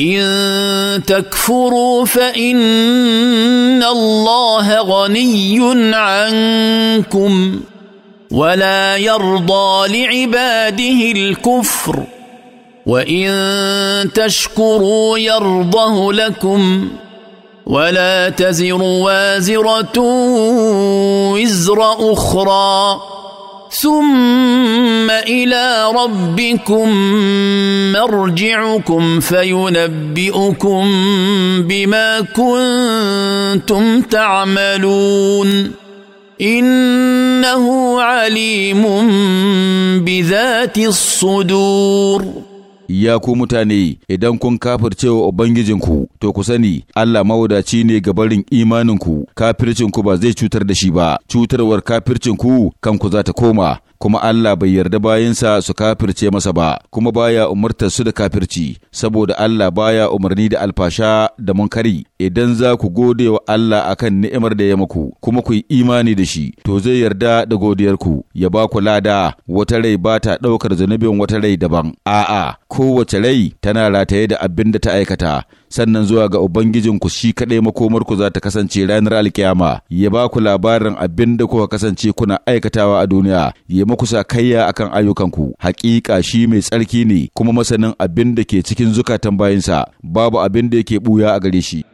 ان تكفروا فان الله غني عنكم ولا يرضى لعباده الكفر وان تشكروا يرضه لكم ولا تزر وازره وزر اخرى ثم الى ربكم مرجعكم فينبئكم بما كنتم تعملون انه عليم بذات الصدور ya ku mutane idan kun wa ubangijinku to ku sani Allah mawadaci ne ga barin imaninku kafircinku ba zai cutar da shi ba cutarwar kafircinku kanku za ta koma kuma Allah bai yarda sa su kafirce masa ba kuma baya umartar su da kafirci saboda Allah baya umarni da alfasha da munkari idan za ku gode wa Allah akan ni'imar da ya muku kuma ku yi imani da shi to zai yarda da godiyarku ya ba ku lada wata rai ba ta ɗaukar zunubin wata rai daban a'a kowace rai tana rataye da abin da ta aikata sannan zuwa ga Ubangijinku shi kaɗai makomarku za ta kasance ranar alkiyama, ya ba ku labarin abin da kuka kasance kuna aikatawa a duniya, ya muku sakayya akan ayyukanku hakika shi mai tsarki ne kuma masanin abin da ke cikin zukatan bayinsa babu abin da yake buya a gare shi